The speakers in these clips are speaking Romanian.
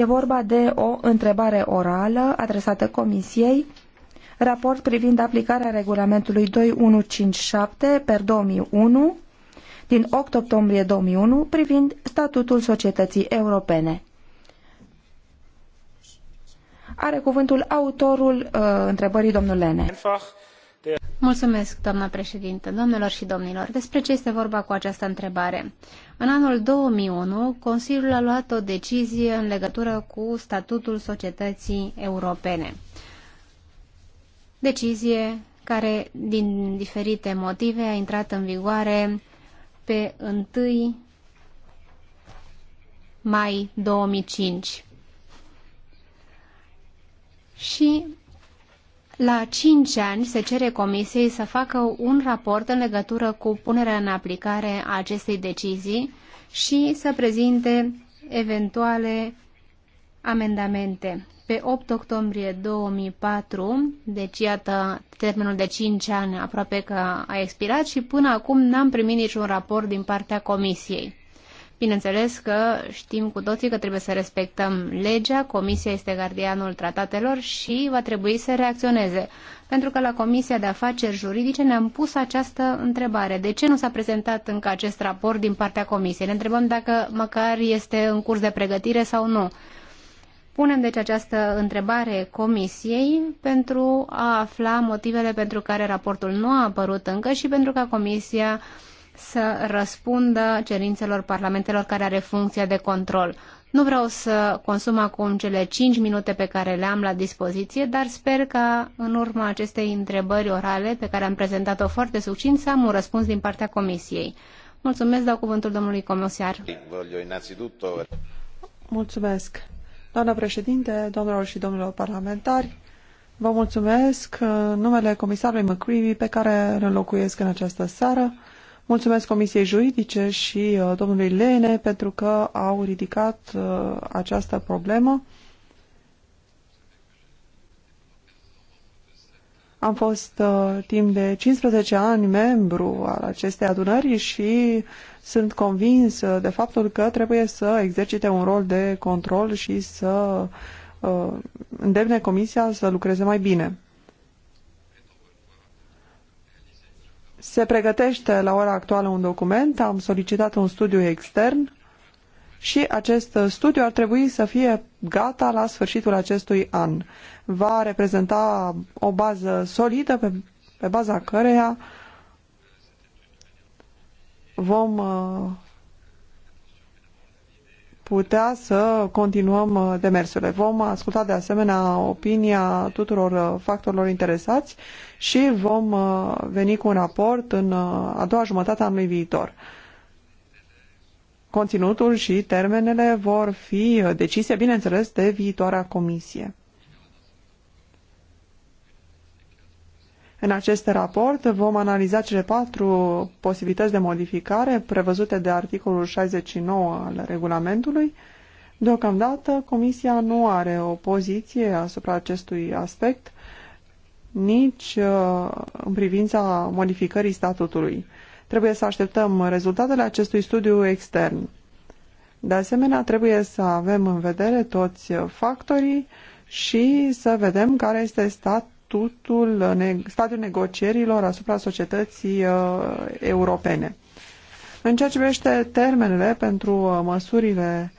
E vorba de o întrebare orală adresată Comisiei, raport privind aplicarea regulamentului 2157 per 2001 din 8 octombrie 2001 privind statutul societății europene. Are cuvântul autorul uh, întrebării domnul Lene. Mulțumesc, doamna președintă, domnilor și domnilor. Despre ce este vorba cu această întrebare? În anul 2001, Consiliul a luat o decizie în legătură cu statutul societății europene. Decizie care, din diferite motive, a intrat în vigoare pe 1 mai 2005. Și la 5 ani se cere Comisiei să facă un raport în legătură cu punerea în aplicare a acestei decizii și să prezinte eventuale amendamente. Pe 8 octombrie 2004, deci iată termenul de 5 ani aproape că a expirat și până acum n-am primit niciun raport din partea Comisiei. Bineînțeles că știm cu toții că trebuie să respectăm legea, Comisia este gardianul tratatelor și va trebui să reacționeze. Pentru că la Comisia de Afaceri Juridice ne-am pus această întrebare. De ce nu s-a prezentat încă acest raport din partea Comisiei? Ne întrebăm dacă măcar este în curs de pregătire sau nu. Punem deci această întrebare Comisiei pentru a afla motivele pentru care raportul nu a apărut încă și pentru ca Comisia uh, să răspundă cerințelor parlamentelor care are funcția de control. Nu vreau să consum acum cele 5 minute pe care le am la dispoziție, dar sper că în urma acestei întrebări orale pe care am prezentat-o foarte succint să am un răspuns din partea Comisiei. Mulțumesc, dau cuvântul domnului comisar. Mulțumesc. Doamna președinte, domnilor și domnilor parlamentari, vă mulțumesc în numele comisarului McCreevy pe care îl locuiesc în această seară. Mulțumesc Comisiei Juridice și uh, domnului Lene pentru că au ridicat uh, această problemă. Am fost uh, timp de 15 ani membru al acestei adunări și sunt convins de faptul că trebuie să exercite un rol de control și să îndemne Comisia să lucreze mai bine. Se pregătește la ora actuală un document, am solicitat un studiu extern și acest studiu ar trebui să fie gata la sfârșitul acestui an. Va reprezenta o bază solidă pe, pe baza căreia vom uh, putea să continuăm uh, demersurile. Vom asculta de asemenea opinia tuturor uh, factorilor interesați și vom uh, veni cu un raport în a doua jumătate a anului viitor. Conținutul și termenele vor fi decise, bineînțeles, de viitoarea comisie. În acest raport vom analiza cele patru posibilități de modificare prevăzute de articolul 69 al regulamentului. Deocamdată, Comisia nu are o poziție asupra acestui aspect, nici uh, în privința modificării statutului. Trebuie să așteptăm rezultatele acestui studiu extern. De asemenea, trebuie să avem în vedere toți factorii și să vedem care este stat, statutul, stadiul negocierilor asupra societății uh, europene. În ceea ce privește termenele pentru uh, măsurile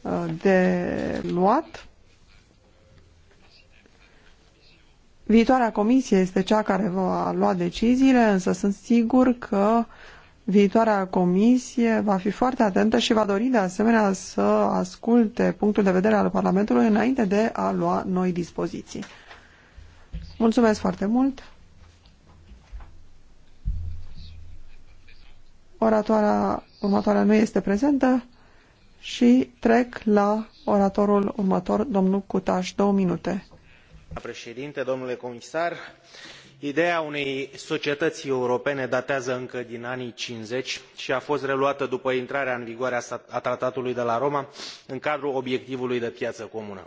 uh, de luat, viitoarea comisie este cea care va lua deciziile, însă sunt sigur că viitoarea comisie va fi foarte atentă și va dori de asemenea să asculte punctul de vedere al Parlamentului înainte de a lua noi dispoziții. Mulțumesc foarte mult. Oratoarea următoarea nu este prezentă și trec la oratorul următor, domnul Cutaș, două minute. Președinte, domnule comisar, ideea unei societăți europene datează încă din anii cincizeci și a fost reluată după intrarea în vigoare a tratatului de la roma în cadrul obiectivului de piață comună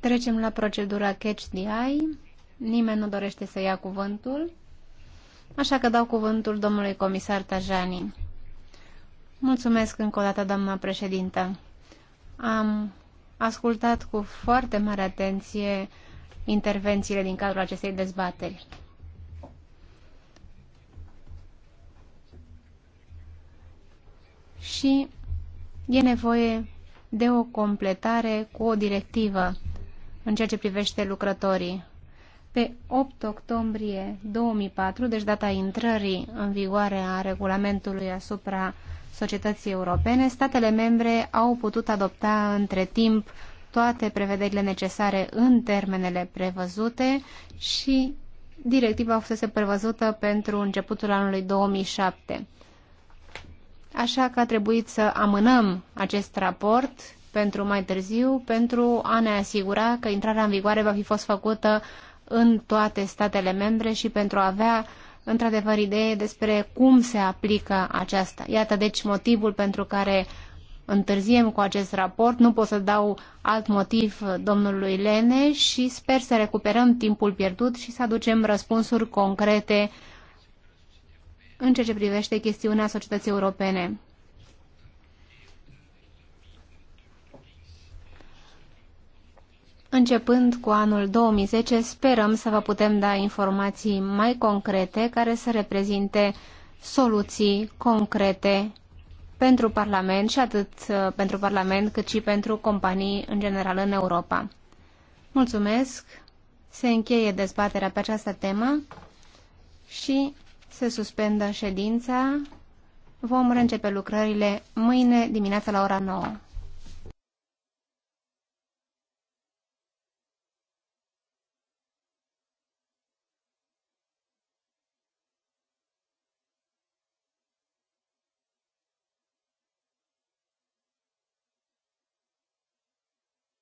Trecem la procedura Catch the Eye. Nimeni nu dorește să ia cuvântul, așa că dau cuvântul domnului comisar Tajani. Mulțumesc încă o dată, doamna președintă. Am ascultat cu foarte mare atenție intervențiile din cadrul acestei dezbateri. Și e nevoie de o completare cu o directivă în ceea ce privește lucrătorii. Pe 8 octombrie 2004, deci data intrării în vigoare a regulamentului asupra societății europene, statele membre au putut adopta între timp toate prevederile necesare în termenele prevăzute și directiva a fost prevăzută pentru începutul anului 2007. Așa că a trebuit să amânăm acest raport pentru mai târziu, pentru a ne asigura că intrarea în vigoare va fi fost făcută în toate statele membre și pentru a avea într-adevăr idee despre cum se aplică aceasta. Iată deci motivul pentru care întârziem cu acest raport, nu pot să dau alt motiv domnului Lene și sper să recuperăm timpul pierdut și să aducem răspunsuri concrete în ceea ce privește chestiunea societății europene. Începând cu anul 2010, sperăm să vă putem da informații mai concrete care să reprezinte soluții concrete pentru Parlament și atât uh, pentru Parlament cât și pentru companii în general în Europa. Mulțumesc! Se încheie dezbaterea pe această temă și se suspendă ședința. Vom reîncepe lucrările mâine dimineața la ora 9.